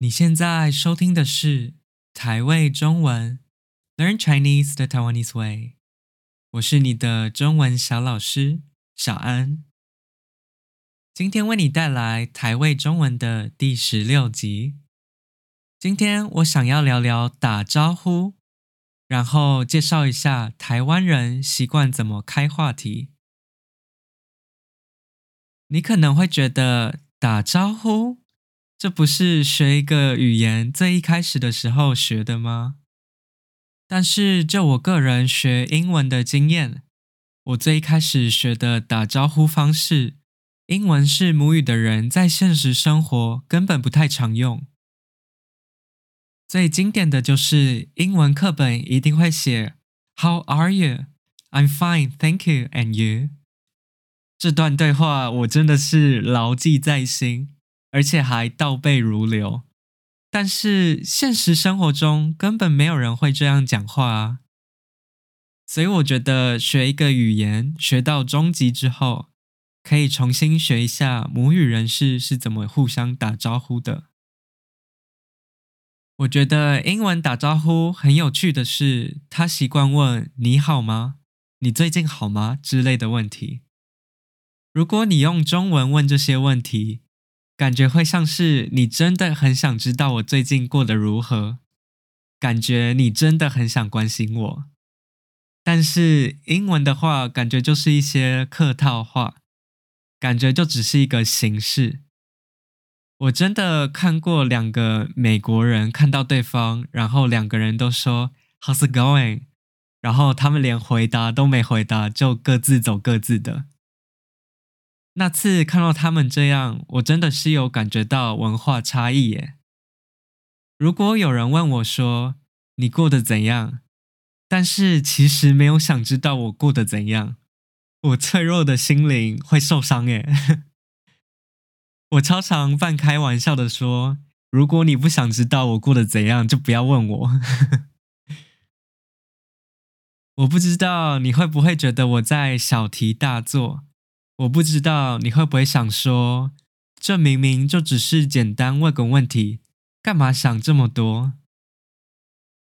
你現在收聽的是台味中文 Learn Chinese the Taiwanese Way，我是你的中文小老師小安，今天為你帶來台味中文的第十六集。今天我想要聊聊打招呼，然後介紹一下台灣人習慣怎麼開話題。你可能會覺得打招呼，這不是學一個語言最一開始的時候學的嗎？但是就我個人學英文的經驗，我最一開始學的打招呼方式，英文是母語的人在現實生活根本不太常用。最經典的就是英文課本一定會寫 “How are you? I'm fine, thank you, and you?” 這段對話，我真的是牢記在心。而且還倒背如流，但是現實生活中根本沒有人會這樣講話啊，所以我覺得學一個語言學到中級之後，可以重新學一下母語人士是怎麼互相打招呼的。我覺得英文打招呼很有趣的是，他習慣問“你好嗎？你最近好嗎？”之類的問題。如果你用中文問這些問題，感覺會像是你真的很想知道我最近過得如何，感覺你真的很想關心我，但是英文的話，感覺就是一些客套話，感覺就只是一個形式。我真的看過兩個美國人看到對方，然後兩個人都說 “How's it going”，然後他們連回答都沒回答，就各自走各自的。那次看到他們這樣，我真的是有感覺到文化差異耶。如果有人問我說你過得怎樣，但是其實沒有想知道我過得怎樣，我脆弱的心靈會受傷耶。 我超常半開玩笑的說，如果你不想知道我過得怎樣，就不要問我。 我不知道你會不會覺得我在小題大做。我不知道你會不會想說，這明明就只是簡單問個問題，幹嘛想這麼多？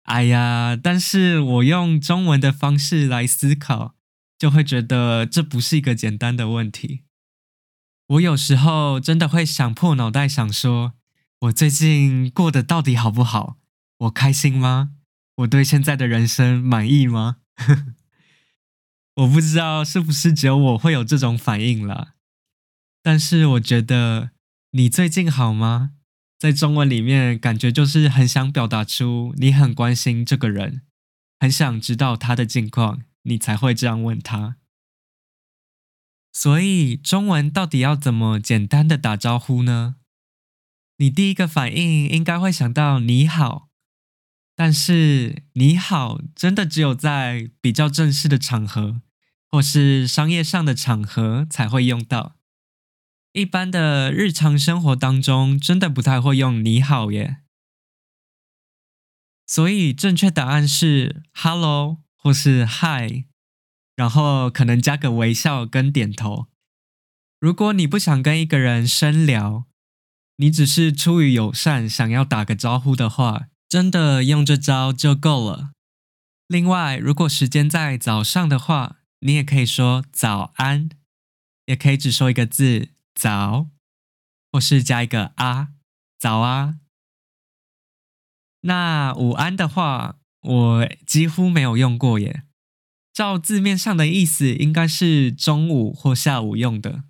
哎呀，但是我用中文的方式來思考，就會覺得這不是一個簡單的問題。我有時候真的會想破腦袋想說，我最近過得到底好不好？我開心嗎？我對現在的人生滿意嗎？ 我不知道是不是只有我會有這種反應了，但是我覺得你最近好嗎？在中文裡面，感覺就是很想表達出你很關心這個人，很想知道他的近況，你才會這樣問他。所以中文到底要怎麼簡單的打招呼呢？你第一個反應應該會想到你好，但是你好真的只有在比較正式的場合。或是商業上的場合才會用到，一般的日常生活當中真的不太會用“你好耶”，所以正確答案是 “Hello” 或是 “Hi”，然後可能加個微笑跟點頭。如果你不想跟一個人深聊，你只是出於友善想要打個招呼的話，真的用這招就夠了。另外，如果時間在早上的話，你也可以說早安，也可以只說一個字“早”，或是加一個“啊”“早啊”。那午安的話，我幾乎沒有用過耶。照字面上的意思，應該是中午或下午用的，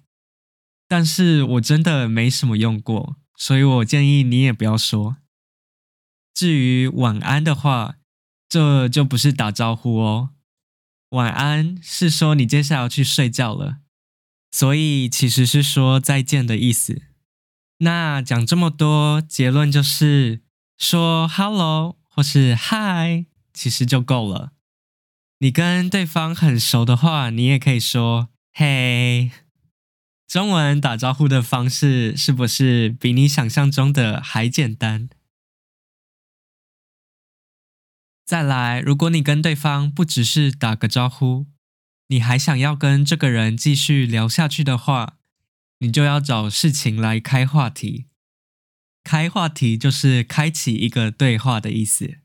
但是我真的沒什麼用過，所以我建議你也不要說。至於晚安的話，這就不是打招呼哦。晚安是說你接下來要去睡覺了，所以其實是說再見的意思。那講這麼多，結論就是說 Hello 或是 Hi 其實就夠了。你跟對方很熟的話，你也可以說 Hey。中文打招呼的方式是不是比你想象中的還簡單？再來，如果你跟對方不只是打個招呼，你還想要跟這個人繼續聊下去的話，你就要找事情來開話題。開話題就是開啟一個對話的意思。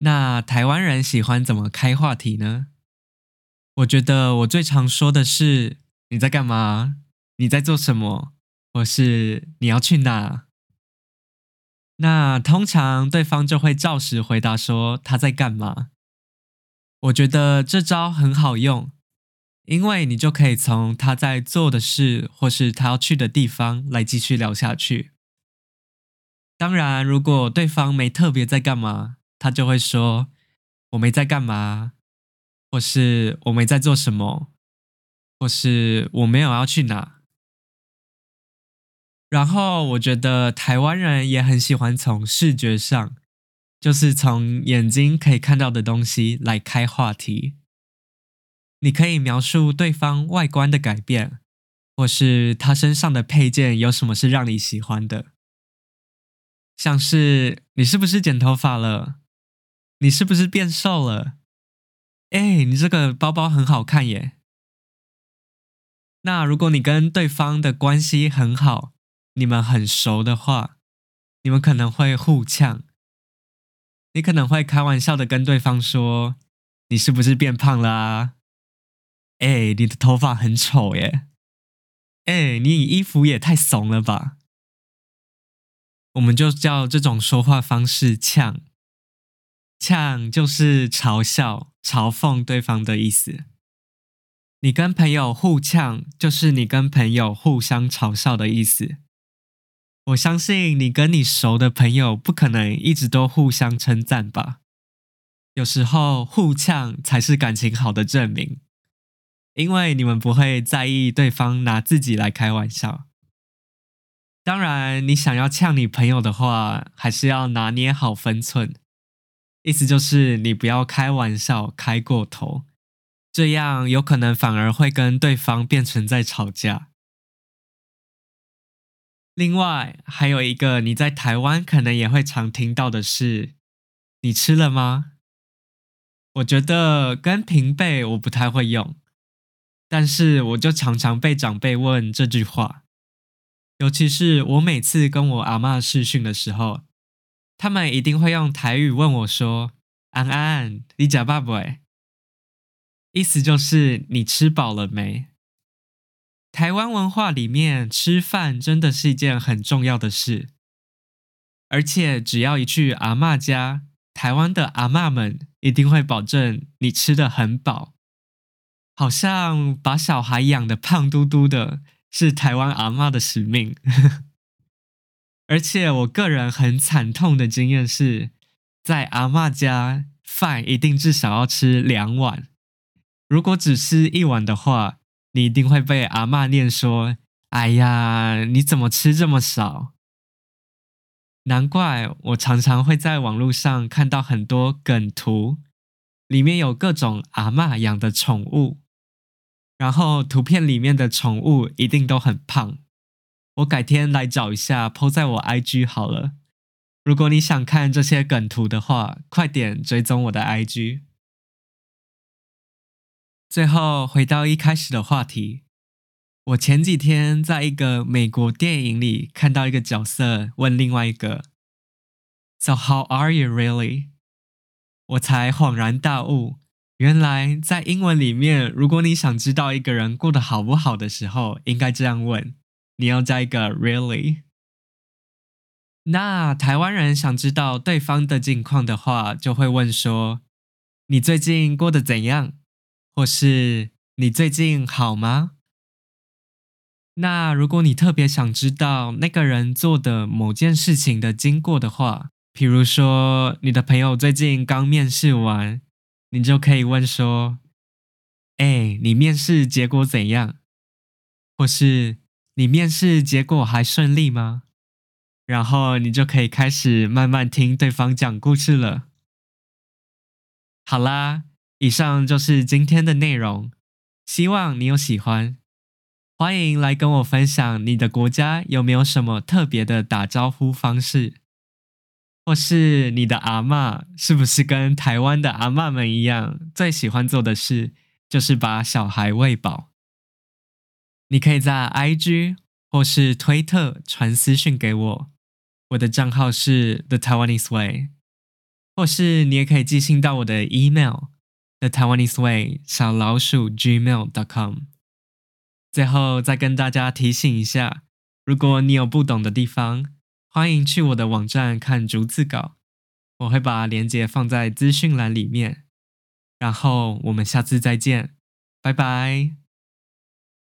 那台灣人喜歡怎麼開話題呢？我覺得我最常說的是：“你在幹嘛？你在做什麼？或是你要去哪？”那通常對方就會照實回答說他在幹嘛。我覺得這招很好用，因為你就可以從他在做的事或是他要去的地方來繼續聊下去。當然，如果對方沒特別在幹嘛，他就會說“我沒在幹嘛”或是“我沒在做什麼”或是“我沒有要去哪”。然後我覺得台灣人也很喜歡從視覺上，就是從眼睛可以看到的東西來開話題。你可以描述對方外觀的改變，或是他身上的配件有什麼是讓你喜歡的。像是，你是不是剪頭髮了？你是不是變瘦了？哎，你這個包包很好看耶。那如果你跟對方的關係很好，你們很熟的話，你們可能會互嗆。你可能會開玩笑的跟對方說：“你是不是變胖了啊？”哎，你的頭髮很醜耶！哎，你衣服也太慫了吧！我們就叫這種說話方式“嗆”。嗆就是嘲笑、嘲諷對方的意思。你跟朋友互嗆，就是你跟朋友互相嘲笑的意思。我相信你跟你熟的朋友不可能一直都互相稱讚吧，有時候互嗆才是感情好的證明，因為你們不會在意對方拿自己來開玩笑。當然，你想要嗆你朋友的話，還是要拿捏好分寸，意思就是你不要開玩笑開過頭，這樣有可能反而會跟對方變成在吵架。另外還有一個你在台灣可能也會常聽到的是，你吃了嗎？我覺得跟平輩我不太會用，但是我就常常被長輩問這句話，尤其是我每次跟我阿媽視訊的時候，他們一定會用台語問我說：“安安，你食飽未？”意思就是你吃飽了沒？台灣文化裡面，吃飯真的是一件很重要的事，而且只要一去阿嬤家，台灣的阿嬤們一定會保證你吃得很飽，好像把小孩養得胖嘟嘟的是台灣阿嬤的使命。 而且我個人很慘痛的經驗是，在阿嬤家飯一定至少要吃兩碗，如果只吃一碗的話，你一定會被阿嬤念說：“哎呀，你怎麼吃這麼少？”難怪我常常會在網路上看到很多梗圖，裡面有各種阿嬤養的寵物，然後圖片裡面的寵物一定都很胖。我改天來找一下，po 在我 IG 好了。如果你想看這些梗圖的話，快點追蹤我的 IG。最後回到一開始的話題，我前幾天在一個美國電影裡看到一個角色問另外一個，So how are you really？我才恍然大悟，原來在英文裡面，如果你想知道一個人過得好不好的時候，應該這樣問，你要加一個 really。那台灣人想知道對方的近況的話，就會問說，你最近過得怎樣？或是你最近好嗎？那如果你特別想知道那個人做的某件事情的經過的話，比如說你的朋友最近剛面試完，你就可以問說：“哎，你面試結果怎樣？”或是“你面試結果還順利嗎？”然後你就可以開始慢慢聽對方講故事了。好啦。以上就是今天的內容，希望你有喜歡。歡迎來跟我分享你的國家有沒有什麼特別的打招呼方式，或是你的阿嬤是不是跟台灣的阿嬤們一樣，最喜歡做的事就是把小孩餵飽。你可以在 IG 或是推特傳私訊給我，我的賬號是 The Taiwanese Way，或是你也可以寄信到我的 email。The Taiwanese Way 小老鼠 Gmail.com。最後再跟大家提醒一下，如果你有不懂的地方，歡迎去我的網站看逐字稿，我會把鏈接放在資訊欄裡面。然後我們下次再見，拜拜。